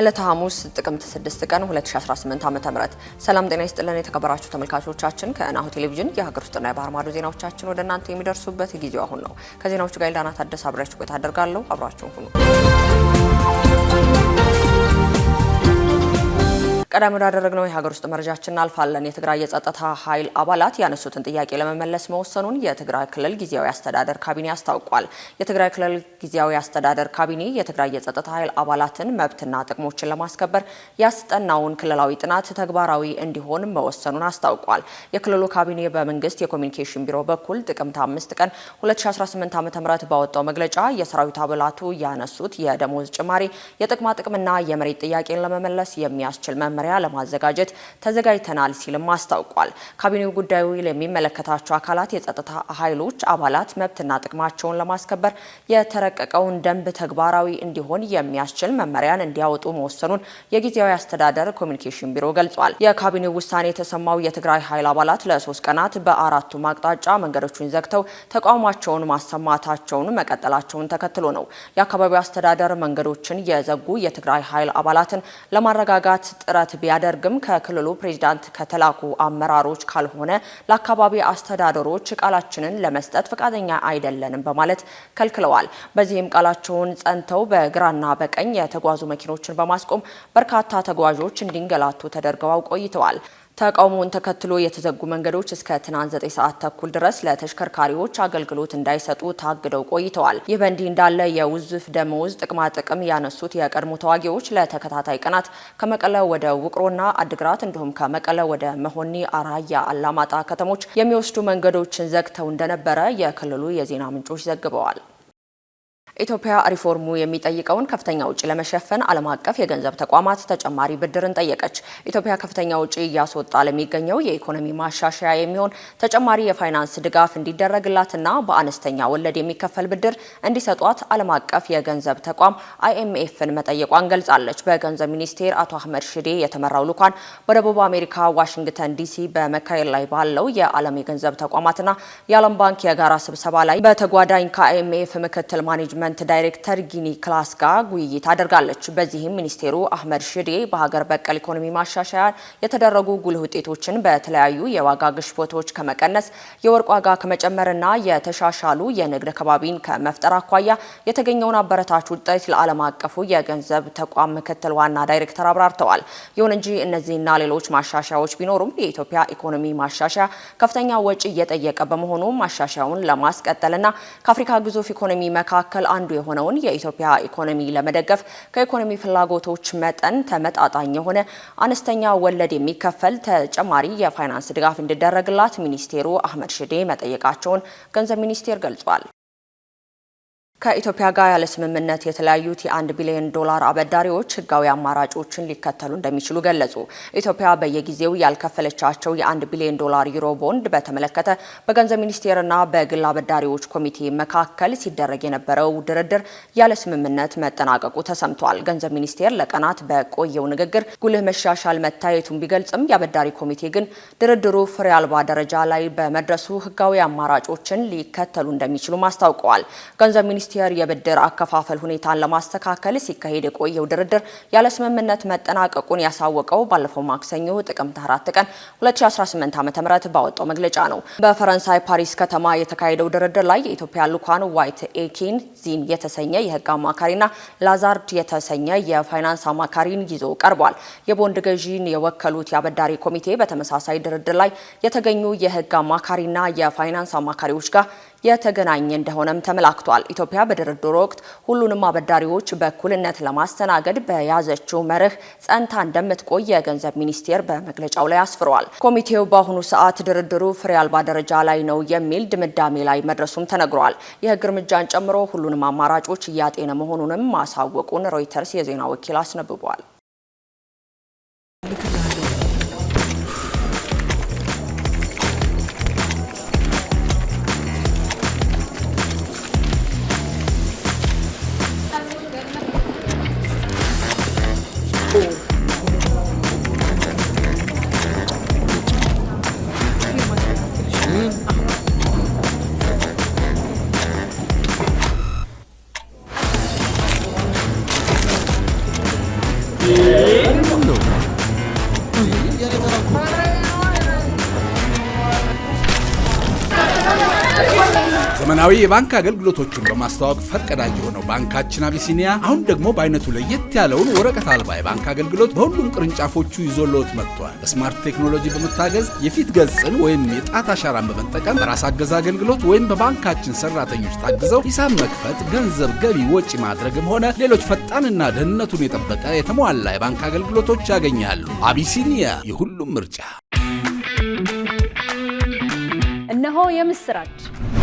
ዕለተ ሐሙስ ጥቅምት 6 ቀን 2018 ዓ.ም። ሰላም ጤና ይስጥልን የተከበራችሁ ተመልካቾቻችን፣ ከናሁ ቴሌቪዥን የሀገር ውስጥና የባህር ማዶ ዜናዎቻችን ወደ እናንተ የሚደርሱበት ጊዜው አሁን ነው። ከዜናዎቹ ጋር ዳና ታደሰ አብሬያችሁ ቆይታ አደርጋለሁ። አብራችሁን ሁኑ። ቀዳሚ ወዳደረግነው የሀገር ውስጥ መረጃችን እናልፋለን። የትግራይ የጸጥታ ኃይል አባላት ያነሱትን ጥያቄ ለመመለስ መወሰኑን የትግራይ ክልል ጊዜያዊ አስተዳደር ካቢኔ አስታውቋል። የትግራይ ክልል ጊዜያዊ አስተዳደር ካቢኔ የትግራይ የጸጥታ ኃይል አባላትን መብትና ጥቅሞችን ለማስከበር ያስጠናውን ክልላዊ ጥናት ተግባራዊ እንዲሆን መወሰኑን አስታውቋል። የክልሉ ካቢኔ በመንግስት የኮሚኒኬሽን ቢሮ በኩል ጥቅምት አምስት ቀን 2018 ዓ ም ባወጣው መግለጫ የሰራዊት አባላቱ ያነሱት የደሞዝ ጭማሪ፣ የጥቅማ ጥቅምና የመሬት ጥያቄን ለመመለስ የሚያስችል መ መመሪያ ለማዘጋጀት ተዘጋጅተናል ሲልም አስታውቋል። ካቢኔው ጉዳዩ የሚመለከታቸው አካላት የጸጥታ ኃይሎች አባላት መብትና ጥቅማቸውን ለማስከበር የተረቀቀውን ደንብ ተግባራዊ እንዲሆን የሚያስችል መመሪያን እንዲያወጡ መወሰኑን የጊዜያዊ አስተዳደር ኮሚኒኬሽን ቢሮ ገልጿል። የካቢኔው ውሳኔ የተሰማው የትግራይ ኃይል አባላት ለሶስት ቀናት በአራቱም አቅጣጫ መንገዶችን ዘግተው ተቃውሟቸውን ማሰማታቸውን መቀጠላቸውን ተከትሎ ነው። የአካባቢው አስተዳደር መንገዶችን የዘጉ የትግራይ ኃይል አባላትን ለማረጋጋት ጥረት ጥረት ቢያደርግም ከክልሉ ፕሬዚዳንት ከተላኩ አመራሮች ካልሆነ ለአካባቢ አስተዳደሮች ቃላችንን ለመስጠት ፈቃደኛ አይደለንም በማለት ከልክለዋል። በዚህም ቃላቸውን ጸንተው በግራና በቀኝ የተጓዙ መኪኖችን በማስቆም በርካታ ተጓዦች እንዲንገላቱ ተደርገው ቆይተዋል። ተቃውሞውን ተከትሎ የተዘጉ መንገዶች እስከ ትናንት ዘጠኝ ሰዓት ተኩል ድረስ ለተሽከርካሪዎች አገልግሎት እንዳይሰጡ ታግደው ቆይተዋል። ይህ በእንዲህ እንዳለ የውዝፍ ደመወዝ፣ ጥቅማ ጥቅም ያነሱት የቀድሞ ተዋጊዎች ለተከታታይ ቀናት ከመቀለ ወደ ውቅሮና አድግራት እንዲሁም ከመቀለ ወደ መሆኒ፣ አራያ፣ አላማጣ ከተሞች የሚወስዱ መንገዶችን ዘግተው እንደነበረ የክልሉ የዜና ምንጮች ዘግበዋል። ኢትዮጵያ ሪፎርሙ የሚጠይቀውን ከፍተኛ ውጪ ለመሸፈን ዓለም አቀፍ የገንዘብ ተቋማት ተጨማሪ ብድርን ጠየቀች። ኢትዮጵያ ከፍተኛ ውጪ እያስወጣ ለሚገኘው የኢኮኖሚ ማሻሻያ የሚሆን ተጨማሪ የፋይናንስ ድጋፍ እንዲደረግላትና በአነስተኛ ወለድ የሚከፈል ብድር እንዲሰጧት ዓለም አቀፍ የገንዘብ ተቋም አይኤምኤፍን መጠየቋን ገልጻለች። በገንዘብ ሚኒስቴር አቶ አህመድ ሽዴ የተመራው ልዑካን በደቡብ አሜሪካ ዋሽንግተን ዲሲ በመካሄድ ላይ ባለው የዓለም የገንዘብ ተቋማትና የዓለም ባንክ የጋራ ስብሰባ ላይ በተጓዳኝ ከአይኤምኤፍ ምክትል ማኔጅመንት ኢንቨስትመንት ዳይሬክተር ጊኒ ክላስ ጋር ውይይት አድርጋለች። በዚህም ሚኒስቴሩ አህመድ ሽዴ በሀገር በቀል ኢኮኖሚ ማሻሻያ የተደረጉ ጉልህ ውጤቶችን በተለያዩ የዋጋ ግሽበቶች ከመቀነስ፣ የወርቅ ዋጋ ከመጨመርና የተሻሻሉ የንግድ ከባቢን ከመፍጠር አኳያ የተገኘውን አበረታች ውጤት ለዓለም አቀፉ የገንዘብ ተቋም ምክትል ዋና ዳይሬክተር አብራርተዋል። ይሁን እንጂ እነዚህና ሌሎች ማሻሻያዎች ቢኖሩም የኢትዮጵያ ኢኮኖሚ ማሻሻያ ከፍተኛ ወጪ እየጠየቀ በመሆኑ ማሻሻያውን ለማስቀጠልና ከአፍሪካ ግዙፍ ኢኮኖሚ መካከል አንዱ የሆነውን የኢትዮጵያ ኢኮኖሚ ለመደገፍ ከኢኮኖሚ ፍላጎቶች መጠን ተመጣጣኝ የሆነ አነስተኛ ወለድ የሚከፈል ተጨማሪ የፋይናንስ ድጋፍ እንዲደረግላት ሚኒስቴሩ አህመድ ሽዴ መጠየቃቸውን ገንዘብ ሚኒስቴር ገልጿል። ከኢትዮጵያ ጋር ያለ ስምምነት የተለያዩት የአንድ ቢሊዮን ዶላር አበዳሪዎች ህጋዊ አማራጮችን ሊከተሉ እንደሚችሉ ገለጹ። ኢትዮጵያ በየጊዜው ያልከፈለቻቸው የአንድ ቢሊዮን ዶላር ዩሮ ቦንድ በተመለከተ በገንዘብ ሚኒስቴርና በግል አበዳሪዎች ኮሚቴ መካከል ሲደረግ የነበረው ድርድር ያለ ስምምነት መጠናቀቁ ተሰምቷል። ገንዘብ ሚኒስቴር ለቀናት በቆየው ንግግር ጉልህ መሻሻል መታየቱን ቢገልጽም የአበዳሪ ኮሚቴ ግን ድርድሩ ፍሬ አልባ ደረጃ ላይ በመድረሱ ህጋዊ አማራጮችን ሊከተሉ እንደሚችሉ አስታውቀዋል። ሚኒስቴር የብድር አከፋፈል ሁኔታን ለማስተካከል ሲካሄድ የቆየው ድርድር ያለ ስምምነት መጠናቀቁን ያሳወቀው ባለፈው ማክሰኞ ጥቅምት 4 ቀን 2018 ዓ.ም ባወጣው መግለጫ ነው። በፈረንሳይ ፓሪስ ከተማ የተካሄደው ድርድር ላይ የኢትዮጵያ ልኡካን ዋይት ኤኪን ዚን የተሰኘ የህግ አማካሪና ላዛርድ የተሰኘ የፋይናንስ አማካሪን ይዞ ቀርቧል። የቦንድ ገዢን የወከሉት የአበዳሪ ኮሚቴ በተመሳሳይ ድርድር ላይ የተገኙ የህግ አማካሪና የፋይናንስ አማካሪዎች ጋር የተገናኘ እንደሆነም ተመላክቷል። ኢትዮጵያ በድርድሩ ወቅት ሁሉንም አበዳሪዎች በእኩልነት ለማስተናገድ በያዘችው መርህ ጸንታ እንደምትቆይ የገንዘብ ሚኒስቴር በመግለጫው ላይ አስፍሯል። ኮሚቴው በአሁኑ ሰዓት ድርድሩ ፍሬ አልባ ደረጃ ላይ ነው የሚል ድምዳሜ ላይ መድረሱም ተነግሯል። የህግ እርምጃን ጨምሮ ሁሉንም አማራጮች እያጤነ መሆኑንም ማሳወቁን ሮይተርስ የዜና ወኪል አስነብቧል። Yeah. ዘመናዊ የባንክ አገልግሎቶችን በማስተዋወቅ ፈቀዳጅ የሆነው ባንካችን አቢሲኒያ አሁን ደግሞ በአይነቱ ለየት ያለውን ወረቀት አልባ የባንክ አገልግሎት በሁሉም ቅርንጫፎቹ ይዞልዎት መጥቷል። በስማርት ቴክኖሎጂ በመታገዝ የፊት ገጽን ወይም የጣት አሻራን በመጠቀም በራስ አገዝ አገልግሎት ወይም በባንካችን ሰራተኞች ታግዘው ሂሳብ መክፈት፣ ገንዘብ ገቢ ወጪ ማድረግም ሆነ ሌሎች ፈጣንና ደህንነቱን የጠበቀ የተሟላ የባንክ አገልግሎቶች ያገኛሉ። አቢሲኒያ የሁሉም ምርጫ። እነሆ የምስራች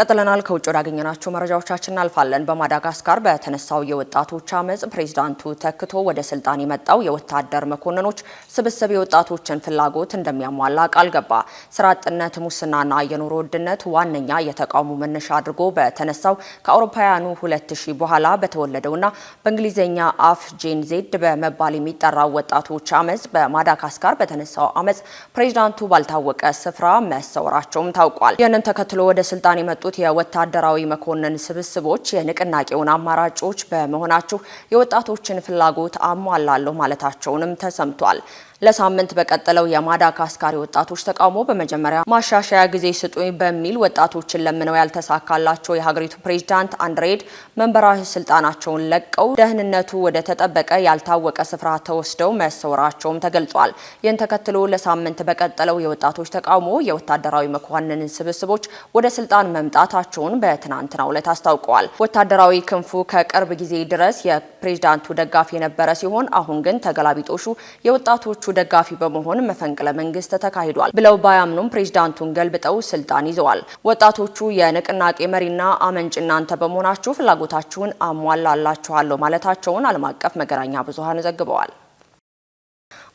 ቀጥለናል። ከውጭ ወዳገኘናቸው መረጃዎቻችን እናልፋለን። በማዳጋስካር በተነሳው የወጣቶች አመፅ ፕሬዚዳንቱ ተክቶ ወደ ስልጣን የመጣው የወታደር መኮንኖች ስብስብ የወጣቶችን ፍላጎት እንደሚያሟላ ቃል ገባ። ስራ አጥነት፣ ሙስናና የኑሮ ውድነት ዋነኛ የተቃውሞ መነሻ አድርጎ በተነሳው ከአውሮፓውያኑ 2000 በኋላ በተወለደውና በእንግሊዝኛ አፍ ጄን ዜድ በመባል የሚጠራው ወጣቶች አመፅ በማዳጋስካር በተነሳው አመፅ ፕሬዚዳንቱ ባልታወቀ ስፍራ መሰወራቸውም ታውቋል። ይህንን ተከትሎ ወደ ስልጣን የመጡ የወጡት የወታደራዊ መኮንን ስብስቦች የንቅናቄውን አማራጮች በመሆናችሁ የወጣቶችን ፍላጎት አሟላለሁ ማለታቸውንም ተሰምቷል። ለሳምንት በቀጠለው የማዳጋስካር ወጣቶች ተቃውሞ በመጀመሪያ ማሻሻያ ጊዜ ስጡኝ በሚል ወጣቶችን ለምነው ያልተሳካላቸው የሀገሪቱ ፕሬዚዳንት አንድሬድ መንበራዊ ስልጣናቸውን ለቀው ደህንነቱ ወደ ተጠበቀ ያልታወቀ ስፍራ ተወስደው መሰወራቸውም ተገልጿል። ይህን ተከትሎ ለሳምንት በቀጠለው የወጣቶች ተቃውሞ የወታደራዊ መኳንንን ስብስቦች ወደ ስልጣን መምጣታቸውን በትናንትናው ዕለት አስታውቀዋል። ወታደራዊ ክንፉ ከቅርብ ጊዜ ድረስ የፕሬዚዳንቱ ደጋፊ የነበረ ሲሆን አሁን ግን ተገላቢጦሹ የወጣቶቹ የአርቲስቶቹ ደጋፊ በመሆን መፈንቅለ መንግስት ተካሂዷል ብለው ባያምኑም ፕሬዚዳንቱን ገልብጠው ስልጣን ይዘዋል። ወጣቶቹ የንቅናቄ መሪና አመንጭ እናንተ በመሆናችሁ ፍላጎታችሁን አሟላላችኋለሁ ማለታቸውን ዓለም አቀፍ መገናኛ ብዙሃን ዘግበዋል።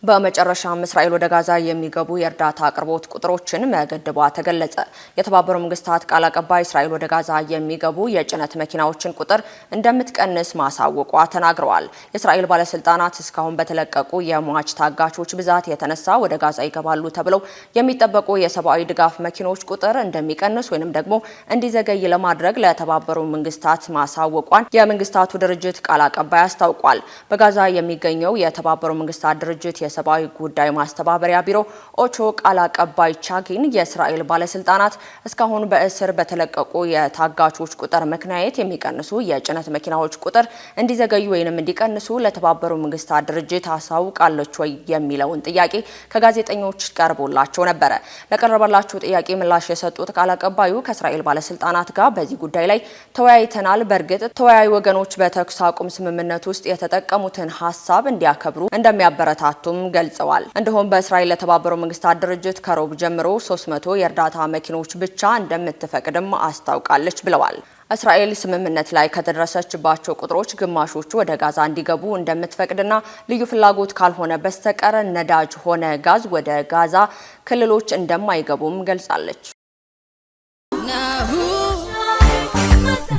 በመጨረሻም እስራኤል ወደ ጋዛ የሚገቡ የእርዳታ አቅርቦት ቁጥሮችን መገደቧ ተገለጸ። የተባበሩ መንግስታት ቃል አቀባይ እስራኤል ወደ ጋዛ የሚገቡ የጭነት መኪናዎችን ቁጥር እንደምትቀንስ ማሳወቋ ተናግረዋል። የእስራኤል ባለስልጣናት እስካሁን በተለቀቁ የሟች ታጋቾች ብዛት የተነሳ ወደ ጋዛ ይገባሉ ተብለው የሚጠበቁ የሰብአዊ ድጋፍ መኪኖች ቁጥር እንደሚቀንስ ወይንም ደግሞ እንዲዘገይ ለማድረግ ለተባበሩ መንግስታት ማሳወቋን የመንግስታቱ ድርጅት ቃል አቀባይ አስታውቋል። በጋዛ የሚገኘው የተባበሩ መንግስታት ድርጅት የሰብአዊ ጉዳይ ማስተባበሪያ ቢሮ ኦቾ ቃል አቀባይ ቻጊን የእስራኤል ባለስልጣናት እስካሁን በእስር በተለቀቁ የታጋቾች ቁጥር ምክንያት የሚቀንሱ የጭነት መኪናዎች ቁጥር እንዲዘገዩ ወይንም እንዲቀንሱ ለተባበሩ መንግስታት ድርጅት አሳውቃለች ወይ የሚለውን ጥያቄ ከጋዜጠኞች ቀርቦላቸው ነበረ። ለቀረበላቸው ጥያቄ ምላሽ የሰጡት ቃል አቀባዩ ከእስራኤል ባለስልጣናት ጋር በዚህ ጉዳይ ላይ ተወያይተናል። በእርግጥ ተወያዩ ወገኖች በተኩስ አቁም ስምምነት ውስጥ የተጠቀሙትን ሀሳብ እንዲያከብሩ እንደሚያበረታቱም መሆኑን ገልጸዋል። እንዲሁም በእስራኤል ለተባበሩት መንግስታት ድርጅት ከሮብ ጀምሮ 300 የእርዳታ መኪኖች ብቻ እንደምትፈቅድም አስታውቃለች ብለዋል። እስራኤል ስምምነት ላይ ከተደረሰችባቸው ቁጥሮች ግማሾቹ ወደ ጋዛ እንዲገቡ እንደምትፈቅድና ልዩ ፍላጎት ካልሆነ በስተቀር ነዳጅ ሆነ ጋዝ ወደ ጋዛ ክልሎች እንደማይገቡም ገልጻለች።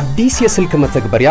አዲስ የስልክ መተግበሪያ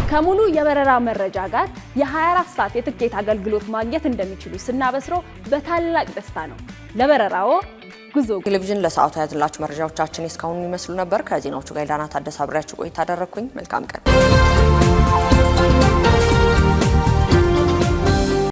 ከሙሉ የበረራ መረጃ ጋር የ24 ሰዓት የትኬት አገልግሎት ማግኘት እንደሚችሉ ስናበስሮ በታላቅ ደስታ ነው። ለበረራዎ ጉዞ ቴሌቪዥን ለሰዓቱ ያዝላችሁ መረጃዎቻችን እስካሁን የሚመስሉ ነበር። ከዜናዎቹ ጋር ዳና ታደሰ አብሬያችሁ ቆይታ አደረግኩኝ። መልካም ቀን